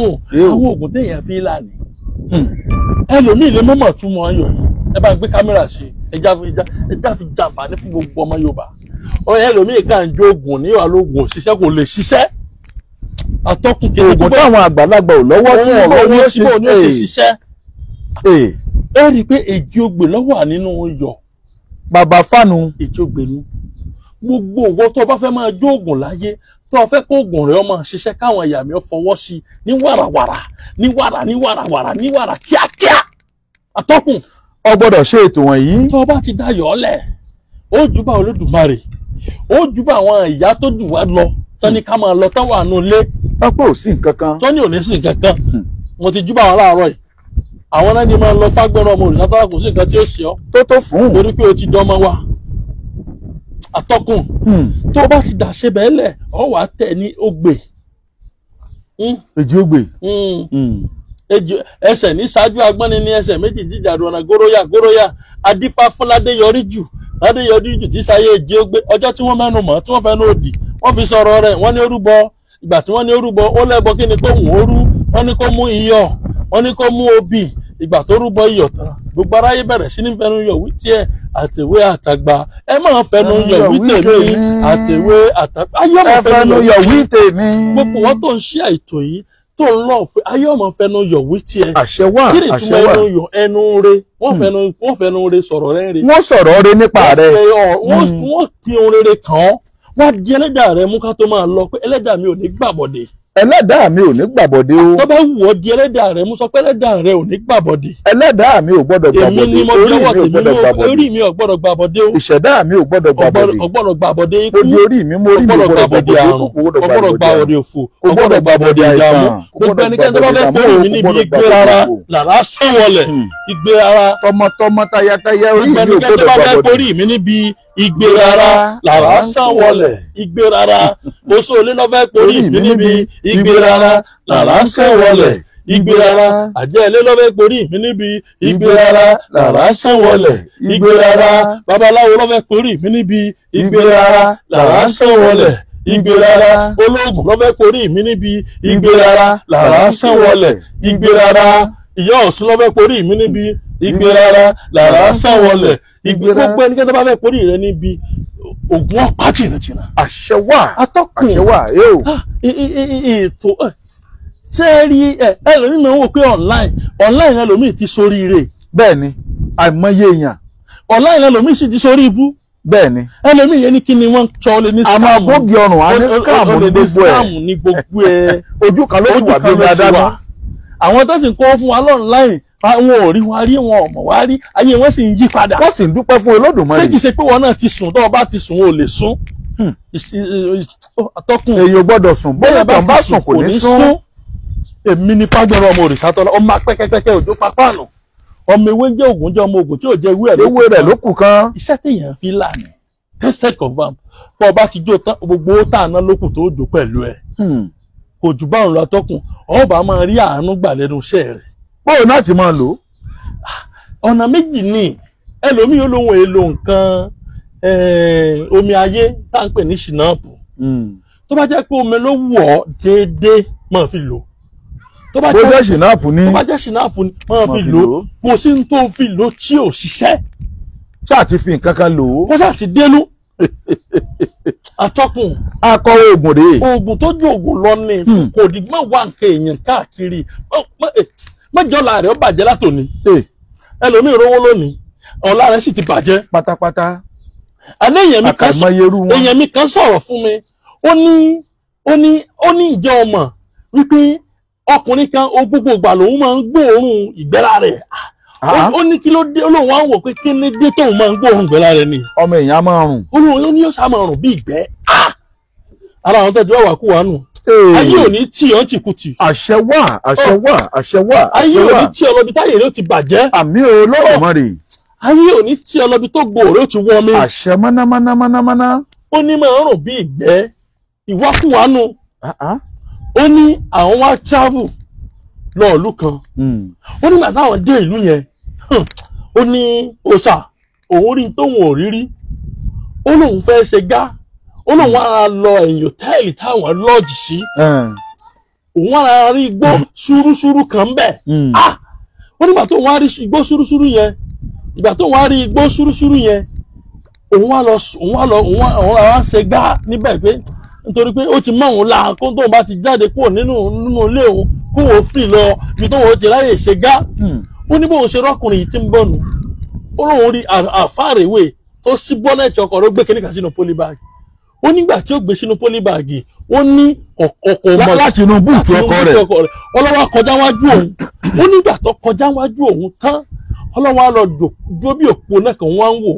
o àwọn oògùn téèyàn fi là ní hmm. ẹlòmíì lè mọ́mọ́ túmọ̀ ayọ̀ ẹ bá ń gbé kámẹ́rà ṣe ẹjá fi jàǹfààní fún gbogbo ọmọ Yorùbá ẹlòmíì kà ń jó oògùn ní ìwà lóògùn ṣiṣẹ́ kò lè ṣiṣẹ́ atọ́kùn kejì oògùn táwọn àgbàlagbà ò lọ́wọ́ fún ọ̀rọ̀ ní ṣe ní ṣe ṣiṣẹ́ ẹ rí i pé èjì ogbè lọ́wọ́ nínú yọ̀ bàbá fánu èjì ogbè ni gbogbo ògbọ́n tó bá fẹ́ máa jó oògùn láyé tó fẹ́ kó oògùn rẹ̀ ọmọ ṣiṣẹ́ káwọn ẹ̀yà mi fọwọ́ sí ní wàràwàrà ní wàrà ní wàràwàrà ní wàrà kíákíá atọ́kùn. o gbọ́dọ̀ ṣe ètò wọ̀nyí. tó o bá ti dayọ̀ ọ́lẹ̀ ó júbà olódùmarè ó júbà àwọn ìyá tó jù wá lọ tán ní ká máa lọ tán wà nù lé. pápá ò sí nǹkan kan. tọ́ni ò ní sí nǹkan kan hmm. mo ti júbà wọn láàárọ̀ yìí àwọn náà ni máa lọ fágbọ́rọ̀ ọmọ òrìṣà kò sí nǹkan tí ó ṣe ọ́. tó tó fún un. torí pé o ti dán ọmọ wa àtọkùn hmm. tó bá ti dàṣe bẹ́ẹ̀ lẹ̀ ọ wà á tẹ̀ ní ogbe hmm. èjì ogbè. Hmm. ẹsẹ̀ ní ṣáájú agbọ́nni ní ẹsẹ̀ méjì jíjàdù ọ̀nà góróyà góróyà adífá fún jù ládéyọrí jù tí sáyé èjì ogbè ọjọ́ tí wọ́n mẹ́nu mọ́ tí wọ́n wọ́n fi sọ̀rọ̀ rẹ̀ wọ́n ní orúbọ ìgbà tí wọ́n ní orúbọ ó kí gbogbo aráyé bẹ̀rẹ̀ sí ní fẹnu yọ̀wí tiẹ̀ àtẹ̀wé àtàgbà ẹ máa fẹnu yọ̀wí tèmi àtẹ̀wé àtàgbà ayé ọmọ fẹnu yọ̀wí tèmi gbogbo wọn tó ń ṣí àìtò yìí tó ń lọ fún ayé ọmọ fẹnu yọ̀wí tiẹ̀ àṣẹwà àṣẹwà kí ni ìtumọ̀ ẹnu yọ ẹnu re wọ́n hmm. fẹnu wọ́n fẹnu re sọ̀rọ̀ rẹ re wọ́n sọ̀rọ̀ re nípa rẹ wọ́n hmm. pin orin re kàn án wọ́n di ẹlẹ́dàá rẹ mú ká tó máa lọ pé ẹlẹ́dàá mi ò ní gbàbọ̀dé ẹlẹ́dàá mi ò ní gbàbọ̀dé o. tó bá wù ọ́ di ẹlẹ́dàá rẹ mo sọ pé ẹlẹ́dàá rẹ ò ní gbàbọ̀dé. ẹlẹ́dàá mi ò gbọ́dọ̀ gbàbọ̀dé orí mi ò gbọ́dọ̀ gbàbọ̀dé orí mi ò gbọ́dọ̀ gbàbọ̀dé o. ìṣẹ̀dá mi ò gbọ́dọ̀ gbàbọ̀dé ò gbọ́dọ̀ gbàbọ̀dé ikú lórí orí mi mo rí mi ò gbọ́dọ̀ gbàbọ̀dé àrùn ò gbọ́dọ̀ gbàbọ̀dé òfò ò gbọ́dọ̀ gbàbọ̀dé ìdààmú gbogbo ẹnikẹ́ni tó bá fẹ́ bọ̀rọ̀ mi níbi igbe ara làrá sọ̀wọ́lẹ̀ igbe hmm. ara tọmọtọmọ tayataya orí mi ò gbọ́dọ̀ gbàbọ̀dé ìgbérara làwa sàn wọlẹ̀ ìgbérara oṣù olínàfẹ porí ìbí níbi ìgbérara làwa sàn wọlẹ̀ ìgbérara àjẹlé lọ́fẹ́ porí mi níbi ìgbérara làrá sàn wọlẹ̀ ìgbérara babaláwo lọ́fẹ́ porí mi níbi ìgbérara làrá sàn wọlẹ̀ ìgbérara olóògùn lọ́fẹ́ porí mi níbi ìgbérara làrá sàn wọlẹ̀ ìgbérara. ìyá ọ̀sùn ló porí mi níbi igbe rárá làrá sọ̀wọ́lẹ̀ igbe gbogbo bá fẹ́ porí rẹ níbi ògùn ọ̀pá jìnnàjìnnà. àṣẹwà àṣẹwà yóò. ètò rí ẹ ẹlòmíì máa wò pé online online ẹlòmíì ti ṣoríire. bẹ́ẹ̀ni àìmọye èèyàn. online ti ibú ẹlòmíì yẹn kí ni sọ ní àmọ́ ọrùn á ní ní gbogbo ẹ̀ ojú kan ló ti wà bí àwọn tó sì ń kọ́ fún wa online wọn ò rí wọn rí wọn ọmọ wa rí ayé wọn sì ń yí padà. wọ́n sì ń dúpẹ́ fún Olódùmarè. ṣé kìí ṣe pé wọn náà ti sùn tó o bá ti sùn o lè sùn. Hmm. atọ́kùn èyí ò gbọ́dọ̀ sùn bóyá bá bá sùn kò ní sùn. èmi ni Fájọrọ ọmọ Òrìṣàtọ́lá ọmọ pẹ́kẹ́pẹ́kẹ́ òjò papáànù ọmọ ewé jẹ́ ògùn jẹ́ ọmọ ògùn tí ò jẹ́ ewé rẹ̀ lókù kan. kan. iṣẹ́ téèyàn fi là ní tested confam bó o bá ti jó tán gbogbo ó tà ná lókù tó jó pẹ̀lú ẹ̀. Hmm kò jù báwọn lọ tọkùn ọba máa rí àánú gbà lẹ́nu iṣẹ́ rẹ̀. bóun náà ti máa lò ó. Ah, ọ̀nà méjì ni ẹlòmíì olóhùn èlò nǹkan eh, omi ayé tá à ń pè ní ṣìnàpù hmm. tó bá jẹ́ pé omi ló wọ̀ ọ́ déédéé máa fi lò tó bá jẹ́ ṣìnàpù ni máa fi lò kò sí ní tó fi lò tí ò ṣiṣẹ́. ṣáà ti fi nǹkan kan lò ó. kó ṣáà ti dénú atọ́kùn. akọwé oògùn rèé. oògùn tó ju oògùn lọ ni hmm. kò ní má wá nǹkan èèyàn káàkiri mọ́jọ́lá eh, rẹ̀ ó bàjẹ́ látòní eh. ẹlòmíì rówó lónìí ọ̀la rẹ̀ sì ti bàjẹ́. pátápátá. èèyàn kan sọ̀rọ̀ fún mi ó ní ó ní ó ní kí ló dé olóhùn wa ń wò pé kí ni dé tóun máa ń gbóòórùn gbẹ lára ẹni. ọmọ èèyàn máa rùn. olóhùn ó ní yóò sá máa rùn bí ìgbẹ́ ara àwọn tẹ̀dú wa nù. ayé ò ní ti kùtì. àṣẹ wà àṣẹ wà àṣẹ wà. ayé ò ní ti bàjẹ́. àmì Olódùmarè. ayé ò ní tì ọlọ́bi tó ti wọ́ mi. àṣẹ mánámánámánámáná. ó ní máa rùn bí ìgbẹ́ Hmm. ó ní òòṣà òun rí tóun ò rí rí ó lóun fẹ́ ṣe gá ó lóun ara lọ ẹ̀yìn òtẹ́ẹ̀lì táwọn lọ́ọ̀jì sí hmm. òun ara rí igbó hmm. ṣúrúṣúrú kan bẹ́ẹ̀ ah ó nígbà tó wá rí igbó ṣúrúṣúrú yẹn ìgbà tó wá rí igbó ṣúrúṣúrú yẹn òun wá lọ òun wá lọ òun ara ṣe gá níbẹ̀ pé nítorí pé ó ti mọ òun la kó tóun bá ti jáde kúrò nínú nínú ilé òun kóun fi lọ ibi tóun ti ráyè ṣe gá ó ní bóun ṣe rọ́kùnrin yìí ti ń bọ̀nù ó lóun rí àfárèwé tó sí bọ́nẹ̀tì ọkọ̀ ló gbé kíníkà sínú polybáàgì ó nígbà tí ó gbé sínú polybáàgì ó ní ọkọ̀ ọmọ láti inú búùtù ọkọ̀ rẹ̀ ọlọ́wà kọjá wájú òun ó nígbà tó kọjá wájú òun tán ọlọ́wà lọ dó bí òpó náà kàn wá ń wò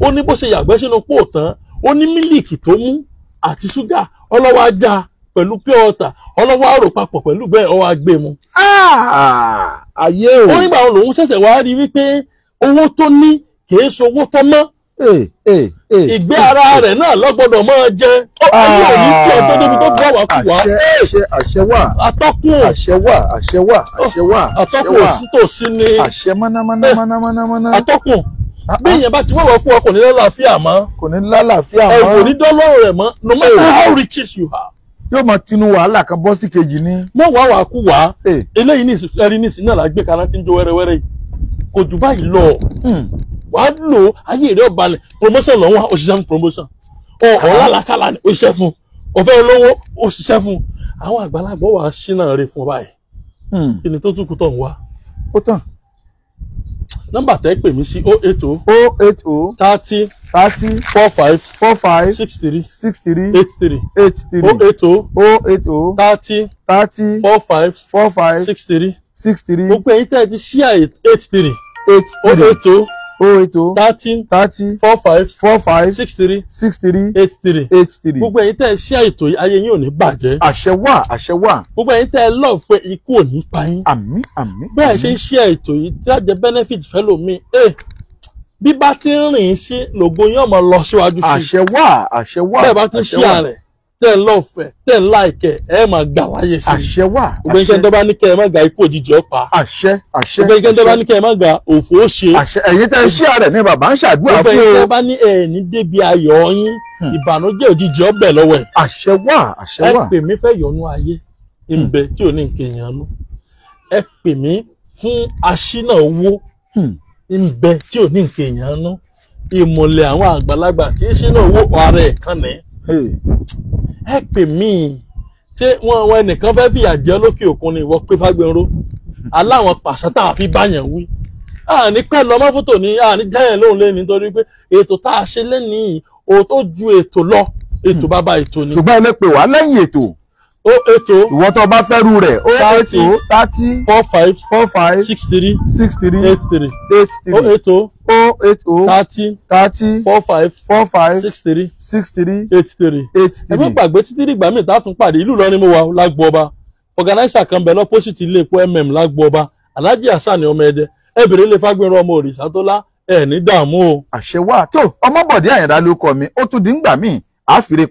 ó ní bó ṣe yàgbẹ́ sínú póòtán ó ní mílíìkì tó mú àti ṣúgà ọlọ́wà já pẹ̀lú pure water ọlọ́wọ́ àrò papọ̀ pẹ̀lú bẹ́ẹ̀ ọwọ́ agbé mu. Ah, ayé o. ó nígbà wọn lòun ṣẹ̀ṣẹ̀ wá rí wípé owó tó ní kìí ṣe owó tó mọ́. Eh, eh, eh. ìgbé ara rẹ̀ náà lọ́gbọ́dọ̀ máa jẹ ọkùnrin òní tí ọjọ́ débi tó bá wà fún wa. àṣẹ àṣẹ wà. atọ́kùn àṣẹ wà àṣẹ wà àṣẹ wà. Oh, atọ́kùn òsítòsí ni. àṣẹ mọ́námọ́námọ́námọ́ná. atọ́kùn bí èèyàn bá ti wọ̀wọ̀ fún ọ kò ní lálàáfíà mọ́. kò ní lálàáfíà mọ́. ẹ kò ní dọ́lọ́rọ̀ rẹ̀ mọ́ no matter how rich you are yóò mọ tinú wàhálà kan bọ́ sí kejì ní. má wàá wàá kú wàá eléyìí ní ìsúsẹ́rí ní ìsìn náà la gbé kaná tí ń jó wẹ́rẹ́wẹ́rẹ́ yìí kò jù báyìí lọ hmm. wàá lò ayé rẹ̀ balẹ̀ promotion lọ́wọ́ òṣìṣẹ́ fún promotion ah. ọ̀rọ̀ alákàlà òṣìṣẹ́ fún ọ̀fẹ́ olówó òṣìṣẹ́ fún àwọn àgbàlagbà wà ṣínà rẹ̀ fún ọ báyìí hmm. kí ni tó tún kú tán wá. ó tán. nọ́mbà tẹ́ pè mí sí 080 080 30 thirty four five four five six three six three eight three eight three oh eight oh oh eight oh thirty thirty four five four five six three six three gbogbo ẹ̀yin tẹ́ ẹ ti ṣíà eight three eight oh three oh eight oh oh eight oh thirty thirty four five four five six three six three eight three eight three gbogbo ẹ̀yin tẹ́ ẹ ṣíà ètò ayé yín ò ní bàjẹ́. àṣẹ wà àṣẹ wà. gbogbo ẹ̀yin tẹ́ ẹ lọ fún ikú ò ní pa yín. àmín àmín. bẹ́ẹ̀ ṣe ń ṣíà ètò yìí tí a jẹ benefit bí bá ti ń rìn sí lògo yóò mọ lọ síwájú sí. àṣẹ wà àṣẹ wà bẹ́ẹ̀ bá ti ń ṣí àrẹ tẹ́ ń lọ́fẹ̀ tẹ́ ń láìkẹ́ ẹ máa gbà láyè sí. àṣẹ wà àṣẹ ògbẹ́ni kẹ́ni tó bá ní kẹ́ ẹ má gba ikú òjijì ọ̀pá. àṣẹ àṣẹ ògbẹ́ni kẹ́ni tó bá ní kẹ́ ẹ má gba òfò ó ṣe. àṣẹ ẹ̀yin tẹ́ ń ṣí àrẹ ni bàbá ń ṣàdúrà fún o. ògbẹ́ni tẹ́ bá ní ẹ̀ẹ́ni débi ayọ̀ yín hmm. ìbànújẹ́ òjijì ọbẹ̀ lọ́wọ́ ẹ̀. àṣẹ wà àṣẹ wà ẹ pè mí fẹ́ yọnu ayé ìbẹ̀ hmm. tí ò ní nkèèyàn lọ ẹ pè mí fún aṣínà owó hmm ń bẹ tí ò ní nǹkan èèyàn nú ìmọ̀lẹ̀ àwọn àgbàlagbà tí ṣe náà wó ọ̀rẹ́ ẹ̀ kan ní. ẹ pè mí ṣé wọn wọn ẹnìkan fẹ́ fìyà jẹ lókè òkun ni ìwọ pé fágbẹ́nró aláwọn pàṣẹ tá a fi báyàn wí. àní pẹ́ lọ́mọ́ fótó ni àní dáyẹ̀ lóhùn lẹ́ni nítorí pé ètò tá a ṣe lẹ́nìí ó tó ju ètò lọ ètò hmm. bàbá ètò ni. ṣùgbọ́n ẹ lè pè wá lẹ́yìn ètò. o oh, eto oh. ìwọ tó bá fẹ́rù rẹ̀ o oh, eto thirty four five four five six three six three eight three eight three o eto o eto thirty thirty four five four five six three six three eight three eight three. ẹ má gbàgbé títí dìgbà míì tátún pàdé ìlú Ìlọrin mo wà lágbo ọba kan bẹ lọ́pọ̀sìtì ilé epo mm lágbo ọba Alhaji Hasan ọmọ ẹdẹ ẹ lè fagbẹrẹ ọmọ òrìṣà tó lá ẹ ní dààmú o. àṣewà tó Ọmọ́bọ̀dé Àyàndá ló kọ mi ó tún di ń gbà míì àáfìrè